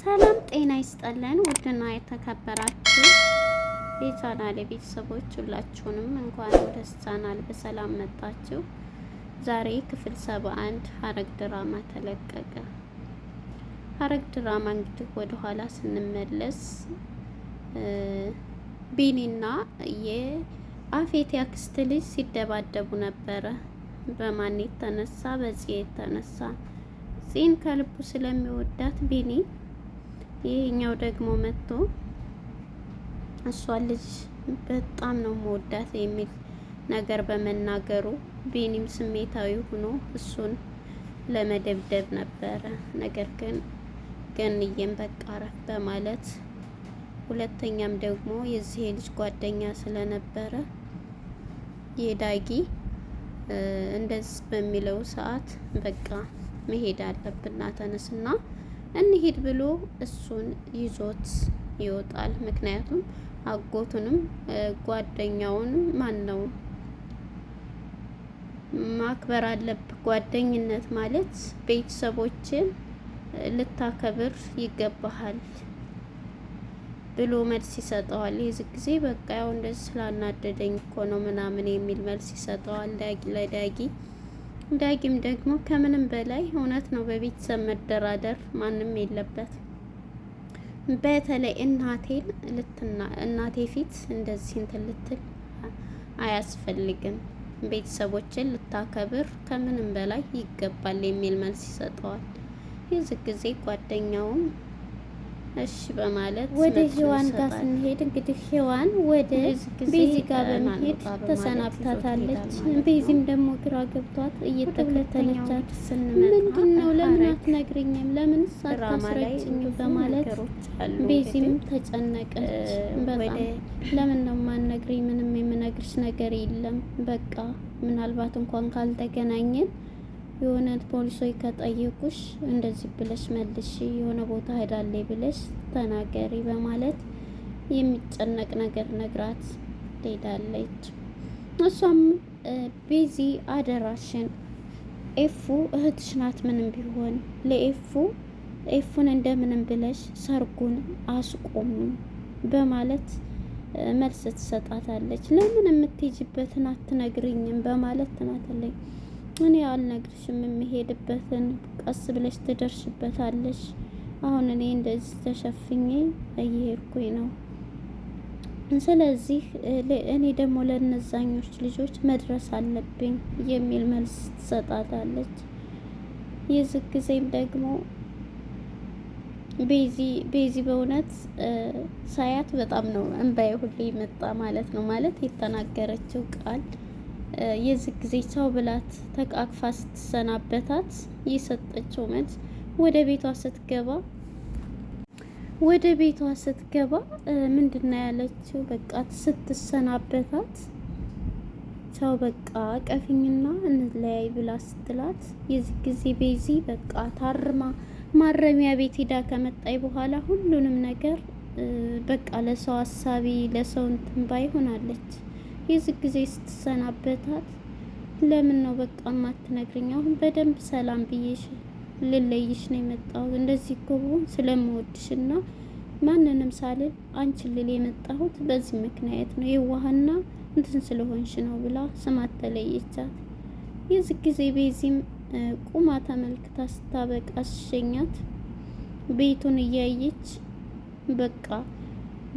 ሰላም ጤና ይስጠለን። ውድና የተከበራችሁ የቻናል ቤተሰቦች ሁላችሁንም እንኳን ወደ ቻናል በሰላም መጣችሁ። ዛሬ ክፍል ሰባ አንድ ሐረግ ድራማ ተለቀቀ። ሐረግ ድራማ እንግዲህ ወደ ኋላ ስንመለስ ቢኒና የአፌት ያክስት ልጅ ሲደባደቡ ነበረ። በማን የተነሳ? በፂ የተነሳ ፂን ከልቡ ስለሚወዳት ቢኒ ይሄኛው ደግሞ መጥቶ እሷን ልጅ በጣም ነው መወዳት የሚል ነገር በመናገሩ ቢኒም ስሜታዊ ሆኖ እሱን ለመደብደብ ነበረ። ነገር ግን ገንዬም በቃ ረፍ በማለት ሁለተኛም ደግሞ የዚህ ልጅ ጓደኛ ስለነበረ የዳጊ እንደዚህ በሚለው ሰዓት በቃ መሄድ አለብና ተነስና እንሂድ ብሎ እሱን ይዞት ይወጣል። ምክንያቱም አጎቱንም ጓደኛውንም ማን ነው ማክበር አለብህ። ጓደኝነት ማለት ቤተሰቦችን ልታከብር ይገባሃል ብሎ መልስ ይሰጠዋል። የዚህ ጊዜ በቃ ያው እንደዚህ ስላናደደኝ እኮ ነው ምናምን የሚል መልስ ይሰጠዋል ለዳጊ ዳጊም ደግሞ ከምንም በላይ እውነት ነው፣ በቤተሰብ መደራደር ማንም የለበት። በተለይ እናቴን ልትና እናቴ ፊት እንደዚህ እንትን ልትል አያስፈልግም፣ ቤተሰቦችን ልታከብር ከምንም በላይ ይገባል የሚል መልስ ይሰጠዋል። የዚህ ጊዜ ጓደኛውም እሺ በማለት ወደ ሔዋን ጋር ስንሄድ እንግዲህ ሔዋን ወደ ቤዚ ጋር በመሄድ ተሰናብታታለች። ቤዚም ደግሞ ግራ ገብቷት እየተከተለቻት ምንድን ነው ለምን አትነግርኝም? ለምን ሳታስረጭኝም? በማለት ቤዚም ተጨነቀች በጣም። ለምን ነው የማነግሪኝ? ምንም የምነግርሽ ነገር የለም። በቃ ምናልባት እንኳን ካልተገናኘን የሆነ ፖሊሶች ከጠየቁሽ እንደዚህ ብለሽ መልሽ፣ የሆነ ቦታ ሄዳለች ብለሽ ተናገሪ በማለት የሚጨነቅ ነገር ነግራት ትሄዳለች። እሷም ቤዚ አደራሽን ኤፉ እህትሽ ናት፣ ምንም ቢሆን ለኤፉ ኤፉን እንደምንም ብለሽ ሰርጉን አስቆሙ በማለት መልስ ትሰጣታለች። ለምን የምትሄጂበትን አትነግሪኝም በማለት ትናትለኝ እኔ አልነግርሽም፣ የምሄድበትን ቀስ ብለሽ ትደርሽበታለሽ። አሁን እኔ እንደዚህ ተሸፍኜ እየሄድኩኝ ነው። ስለዚህ እኔ ደግሞ ለእነዛኞች ልጆች መድረስ አለብኝ የሚል መልስ ትሰጣታለች። የዚህ ጊዜም ደግሞ ቤዚ ቤዚ በእውነት ሳያት በጣም ነው እንባዬ ሁሌ መጣ ማለት ነው ማለት የተናገረችው ቃል የዚህ ጊዜ ቻው ብላት ተቃቅፋ ስትሰናበታት የሰጠችው መልስ ወደ ቤቷ ስትገባ ወደ ቤቷ ስትገባ ምንድን ያለችው? በቃ ስትሰናበታት ቻው በቃ ቀፊኝና እንለያይ ብላ ስትላት የዚህ ጊዜ ቤዚ በቃ ታርማ ማረሚያ ቤት ሄዳ ከመጣይ በኋላ ሁሉንም ነገር በቃ ለሰው አሳቢ ለሰው እንትን ባይ ሆናለች። የዚህ ጊዜ ስትሰናበታት ለምን ነው በቃ ማትነግረኝ? አሁን በደንብ ሰላም ብዬሽ ልለይሽ ነው የመጣሁት። እንደዚህ ከሆን ስለምወድሽ እና ማንንም ሳልል አንቺን ልል የመጣሁት በዚህ ምክንያት ነው፣ የዋህና እንትን ስለሆንሽ ነው ብላ ስማት ተለየቻት። የዚህ ጊዜ ቤዚም ቁማ ተመልክታ ስታበቃ ሸኛት ቤቱን እያየች በቃ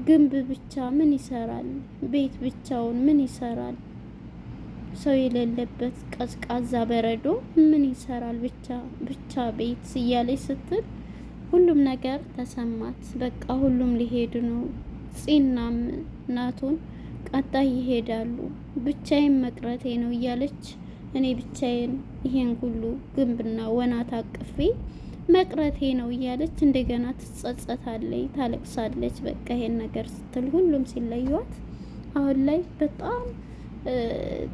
ግንብ ብቻ ምን ይሰራል? ቤት ብቻውን ምን ይሰራል? ሰው የሌለበት ቀዝቃዛ በረዶ ምን ይሰራል? ብቻ ብቻ ቤት እያለች ስትል ሁሉም ነገር ተሰማት። በቃ ሁሉም ሊሄድ ነው። ጺናም ናቱን ቀጣይ ይሄዳሉ። ብቻዬን መቅረቴ ነው እያለች እኔ ብቻዬን ይሄን ሁሉ ግንብና ወና አቅፌ? መቅረቴ ነው እያለች እንደገና ትጸጸታለች፣ ታለቅሳለች። በቃ ይሄን ነገር ስትል ሁሉም ሲለዩዋት አሁን ላይ በጣም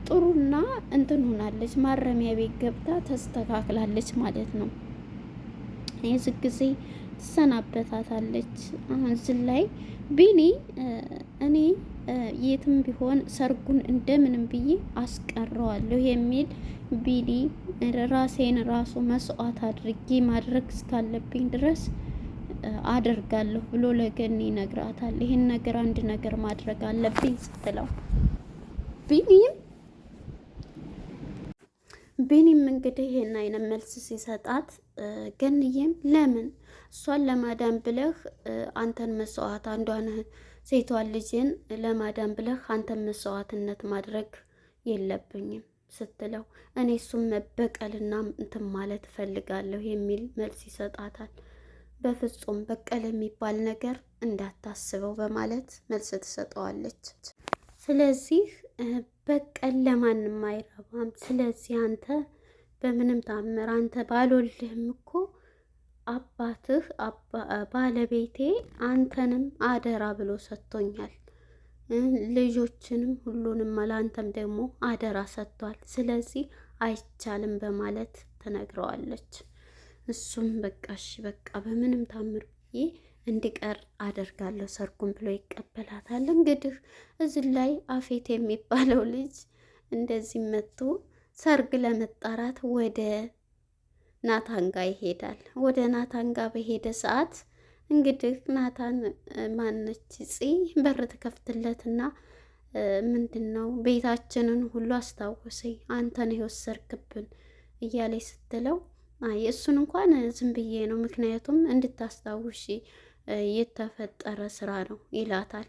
ጥሩና እንትን ሆናለች። ማረሚያ ቤት ገብታ ተስተካክላለች ማለት ነው። የዚህ ጊዜ ትሰናበታታለች። አሁን እዚህ ላይ ቢኒ እኔ የትም ቢሆን ሰርጉን እንደምንም ብዬ አስቀረዋለሁ የሚል ቢሊ ራሴን ራሱ መስዋዕት አድርጌ ማድረግ እስካለብኝ ድረስ አደርጋለሁ ብሎ ለገኒ ይነግራታል። ይህን ነገር አንድ ነገር ማድረግ አለብኝ ስትለው ቢኒም ቢኒም እንግዲህ ይህን አይነት መልስ ሲሰጣት ገንዬም ለምን እሷን ለማዳን ብለህ አንተን መስዋዕት አንዷን ሴቷን ልጅን ለማዳን ብለህ አንተን መስዋዕትነት ማድረግ የለብኝም ስትለው እኔ እሱም መበቀልና እንትን ማለት እፈልጋለሁ የሚል መልስ ይሰጣታል። በፍጹም በቀል የሚባል ነገር እንዳታስበው በማለት መልስ ትሰጠዋለች። ስለዚህ በቀል ለማንም አይረባም። ስለዚህ አንተ በምንም ታምር አንተ ባልወልህም እኮ አባትህ ባለቤቴ አንተንም አደራ ብሎ ሰጥቶኛል። ልጆችንም ሁሉንም ለአንተም ደግሞ አደራ ሰጥቷል። ስለዚህ አይቻልም በማለት ተነግረዋለች። እሱም በቃ እሺ በቃ በምንም ታምር ብዬ እንዲቀር አደርጋለሁ ሰርጉን ብሎ ይቀበላታል። እንግዲህ እዚህ ላይ አፌት የሚባለው ልጅ እንደዚህ መጥቶ ሰርግ ለመጣራት ወደ ናታን ጋር ይሄዳል። ወደ ናታን ጋር በሄደ ሰዓት እንግዲህ ናታን ማነች ጽ በር ትከፍትለትና ምንድን ነው ቤታችንን ሁሉ አስታወሰኝ፣ አንተን የወሰድክብን እያለ ስትለው አይ እሱን እንኳን ዝም ብዬ ነው ምክንያቱም እንድታስታውሺ የተፈጠረ ስራ ነው ይላታል።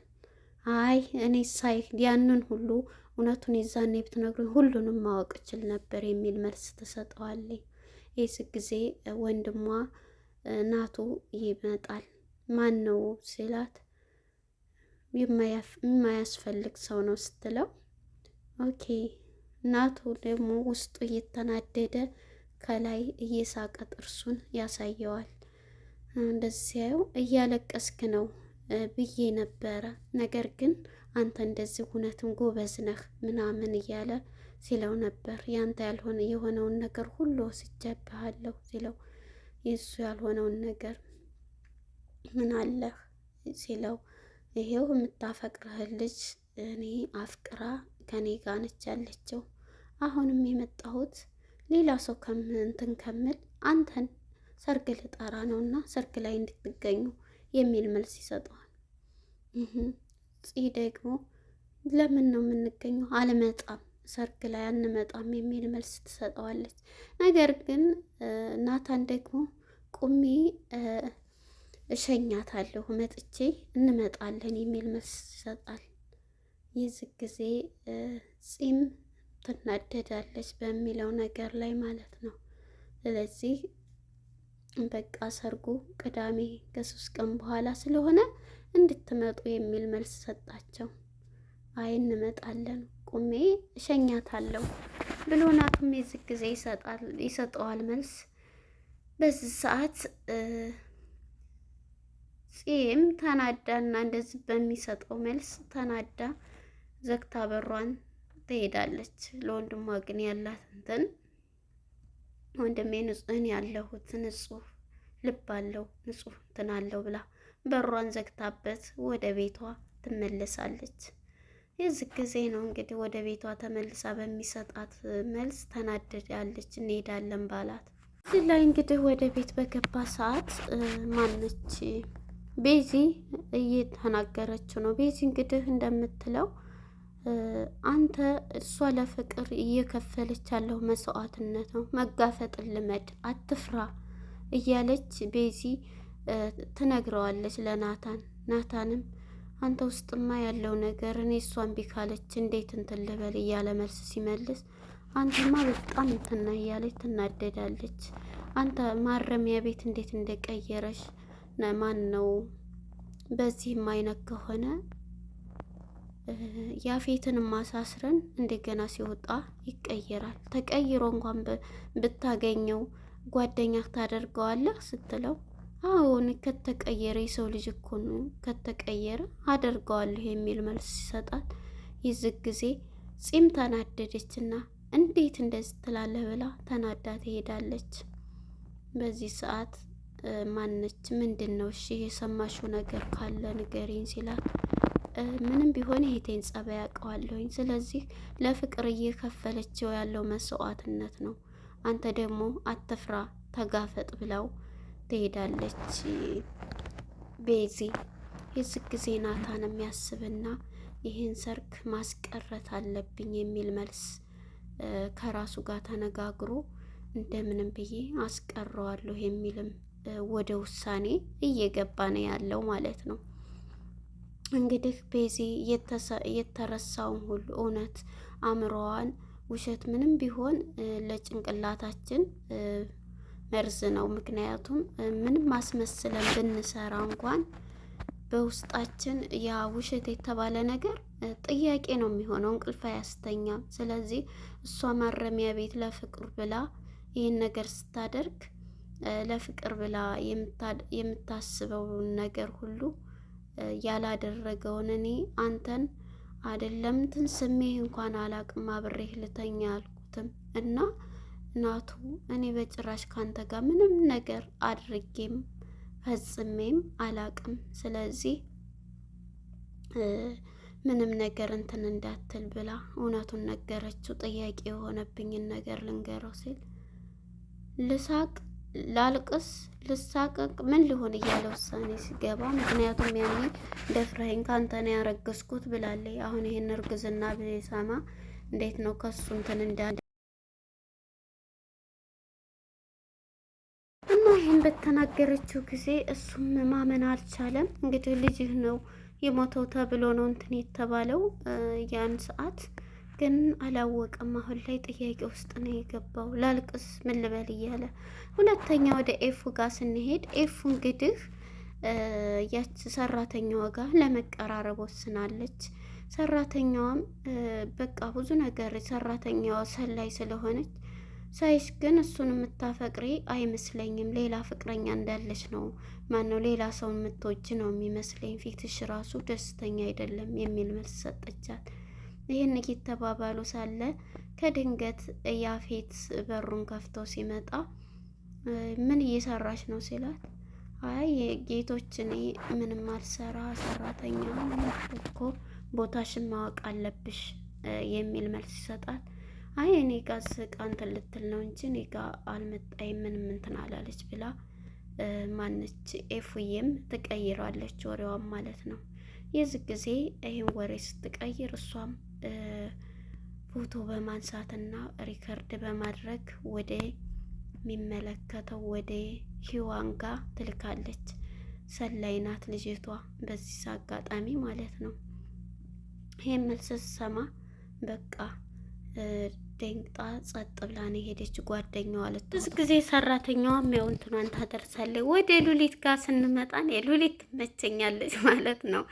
አይ እኔ ሳይ ያንን ሁሉ እውነቱን የዛኔ ብትነግሩኝ ሁሉንም ማወቅ እችል ነበር የሚል መልስ ትሰጠዋለኝ። ይህ ጊዜ ወንድሟ ናቱ ይመጣል። ማን ነው ሲላት የማያስፈልግ ሰው ነው ስትለው፣ ኦኬ ናቱ ደግሞ ውስጡ እየተናደደ ከላይ እየሳቀ ጥርሱን ያሳየዋል። እንደዚህ ሲያየው እያለቀስክ ነው ብዬ ነበረ፣ ነገር ግን አንተ እንደዚህ እውነትም ጎበዝ ነህ ምናምን እያለ ሲለው ነበር። ያንተ ያልሆነ የሆነውን ነገር ሁሉ ወስጄብሃለሁ ሲለው የሱ ያልሆነውን ነገር ምን አለህ ሲለው ይሄው የምታፈቅረህ ልጅ እኔ አፍቅራ ከኔ ጋር ነች ያለችው። አሁንም የመጣሁት ሌላ ሰው ከምንትን ከምል አንተን ሰርግ ልጠራ ነው እና ሰርግ ላይ እንድትገኙ የሚል መልስ ይሰጠዋል። ጽ ደግሞ ለምን ነው የምንገኘው? አልመጣም ሰርግ ላይ አንመጣም የሚል መልስ ትሰጠዋለች። ነገር ግን ናታን ደግሞ ቁሚ እሸኛታለሁ መጥቼ እንመጣለን የሚል መልስ ይሰጣል። ይህ ጊዜ ጺም ትናደዳለች በሚለው ነገር ላይ ማለት ነው። ስለዚህ በቃ ሰርጉ ቅዳሜ ከሶስት ቀን በኋላ ስለሆነ እንድትመጡ የሚል መልስ ሰጣቸው። አይ እንመጣለን ቁሜ እሸኛታለሁ ብሎ ናቱም የዚህ ጊዜ ይሰጠዋል መልስ። በዚህ ሰዓት ፂም ተናዳ እና እንደዚህ በሚሰጠው መልስ ተናዳ ዘግታ በሯን ትሄዳለች። ለወንድሟ ግን ያላት እንትን ወንድሜ ንጹህን ያለሁት ንጹህ ልብ አለው ንጹህ እንትን አለው ብላ በሯን ዘግታበት ወደ ቤቷ ትመለሳለች። የዚህ ጊዜ ነው እንግዲህ ወደ ቤቷ ተመልሳ በሚሰጣት መልስ ተናድዳለች። እንሄዳለን ባላት እዚህ ላይ እንግዲህ ወደ ቤት በገባ ሰዓት ማነች ቤዚ እየተናገረችው ነው። ቤዚ እንግዲህ እንደምትለው አንተ እሷ ለፍቅር እየከፈለች ያለው መስዋዕትነት ነው። መጋፈጥ ልመድ፣ አትፍራ እያለች ቤዚ ትነግረዋለች ለናታን ናታንም አንተ ውስጥማ ያለው ነገር እኔ እሷን ቢካለች እንዴት እንትን ልበል እያለ መልስ ሲመልስ፣ አንተማ በጣም እንትና እያለች ትናደዳለች። አንተ ማረሚያ ቤት እንዴት እንደቀየረሽ ማን ነው? በዚህ አይነት ከሆነ ያፌትን ማሳስረን እንደገና ሲወጣ ይቀየራል። ተቀይሮ እንኳን ብታገኘው ጓደኛ ታደርገዋለህ ስትለው አሁን ከተቀየረ የሰው ልጅ እኮ ነው ከተቀየረ አደርገዋለሁ የሚል መልስ ይሰጣል። ይህ ጊዜ ጺም ተናደደችና እንዴት እንደዚህ ትላለህ ብላ ተናዳ ትሄዳለች። በዚህ ሰዓት ማነች ምንድን ነው እሺ የሰማሽው ነገር ካለ ንገሪኝ ሲላት ምንም ቢሆን ይሄቴን ጸባይ ያውቀዋለሁኝ። ስለዚህ ለፍቅር እየከፈለችው ያለው መስዋዕትነት ነው። አንተ ደግሞ አትፍራ ተጋፈጥ ብለው ትሄዳለች ቤዚ። የዚህ ጊዜ ናታን የሚያስብና ይህን ሰርግ ማስቀረት አለብኝ የሚል መልስ ከራሱ ጋር ተነጋግሮ እንደምንም ብዬ አስቀረዋለሁ የሚልም ወደ ውሳኔ እየገባ ነው ያለው ማለት ነው። እንግዲህ ቤዚ የተረሳውን ሁሉ እውነት አእምሮዋን ውሸት ምንም ቢሆን ለጭንቅላታችን መርዝ ነው። ምክንያቱም ምንም ማስመስለን ብንሰራ እንኳን በውስጣችን ያ ውሸት የተባለ ነገር ጥያቄ ነው የሚሆነው፣ እንቅልፍ አያስተኛም። ስለዚህ እሷ ማረሚያ ቤት ለፍቅር ብላ ይህን ነገር ስታደርግ ለፍቅር ብላ የምታስበውን ነገር ሁሉ ያላደረገውን እኔ አንተን አይደለም እንትን ስሜህ እንኳን አላቅም አብሬህ ልተኛ አልኩትም እና ናቱ እኔ በጭራሽ ካንተ ጋር ምንም ነገር አድርጌም ፈጽሜም አላቅም። ስለዚህ ምንም ነገር እንትን እንዳትል ብላ እውነቱን ነገረችው። ጥያቄ የሆነብኝን ነገር ልንገረው ሲል ልሳቅ፣ ላልቅስ፣ ልሳቀቅ ምን ሊሆን እያለ ውሳኔ ሲገባ ምክንያቱም ያኔ ደፍረኸኝ ካንተ ነው ያረገዝኩት ብላለች። አሁን ይሄን እርግዝና ብሰማ እንዴት ነው ከሱ እንትን እንዳ ይህን በተናገረችው ጊዜ እሱም ማመን አልቻለም። እንግዲህ ልጅህ ነው የሞተው ተብሎ ነው እንትን የተባለው ያን ሰዓት ግን አላወቅም። አሁን ላይ ጥያቄ ውስጥ ነው የገባው። ላልቅስ ምን ልበል እያለ ሁለተኛ ወደ ኤፉ ጋር ስንሄድ ኤፉ እንግዲህ ያች ሰራተኛዋ ጋር ለመቀራረብ ወስናለች። ሰራተኛዋም በቃ ብዙ ነገር ሰራተኛዋ ሰላይ ስለሆነች ሳይስ ግን እሱን የምታፈቅሪ አይመስለኝም። ሌላ ፍቅረኛ እንዳለች ነው ማን ነው ሌላ ሰው የምትወጅ ነው የሚመስለኝ። ፊትሽ ራሱ ደስተኛ አይደለም የሚል መልስ ሰጠቻት። ይህን እየተባባሉ ሳለ ከድንገት ያፌት በሩን ከፍቶ ሲመጣ ምን እየሰራች ነው ሲላት፣ አይ ጌቶች፣ እኔ ምንም አልሰራ ሰራተኛ እኮ ቦታሽን ማወቅ አለብሽ የሚል መልስ ይሰጣል። አይ እኔ ጋ ስቃ እንትን ልትል ነው እንጂ እኔ ጋ አልመጣይ ምንም እንትን አላለች ብላ ማነች ኤፉዬም ትቀይራለች ወሬዋም ማለት ነው። የዚህ ጊዜ ይህን ወሬ ስትቀይር እሷም ፎቶ በማንሳትና ሪከርድ በማድረግ ወደ የሚመለከተው ወደ ሂዋን ጋ ትልካለች። ሰላይ ናት ልጅቷ በዚህ አጋጣሚ ማለት ነው። ይሄ መልስ ስሰማ በቃ ደንግጣ ጸጥ ብላ ነው የሄደች። ጓደኛዋ አለች ብዙ ጊዜ ሰራተኛዋም ያው እንትኗን ታደርሳለች። ወደ ሉሊት ጋር ስንመጣን የሉሊት ትመቸኛለች ማለት ነው።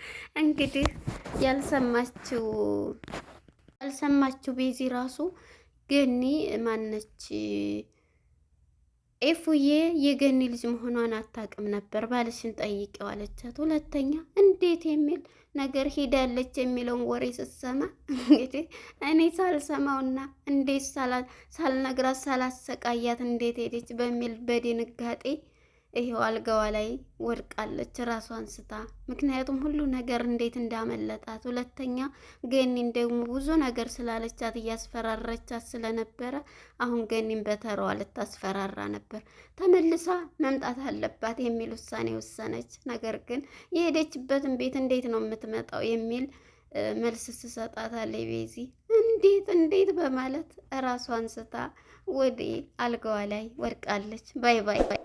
እንግዲህ ያልሰማችው ያልሰማችው ቤዚ ራሱ ግን ማነች ኤፉዬ የገኒ ልጅ መሆኗን አታውቅም ነበር ባልሽን ጠይቂው አለቻት። ሁለተኛ እንዴት የሚል ነገር ሄዳለች የሚለውን ወሬ ስትሰማ እንግዲህ እኔ ሳልሰማውና እንዴት ሳልነግራት ሳላሰቃያት እንዴት ሄደች በሚል በድንጋጤ ይሄው አልጋዋ ላይ ወድቃለች ራሷን ስታ። ምክንያቱም ሁሉ ነገር እንዴት እንዳመለጣት፣ ሁለተኛ ገኒን ደግሞ ብዙ ነገር ስላለቻት እያስፈራረቻት ስለነበረ አሁን ገኒን በተራዋ ልታስፈራራ ነበር። ተመልሳ መምጣት አለባት የሚል ውሳኔ ወሰነች። ነገር ግን የሄደችበትን ቤት እንዴት ነው የምትመጣው የሚል መልስ ትሰጣታለች ቤዚ እንዴት እንዴት በማለት ራሷን ስታ ወደ አልጋዋ ላይ ወድቃለች። ባይ ባይ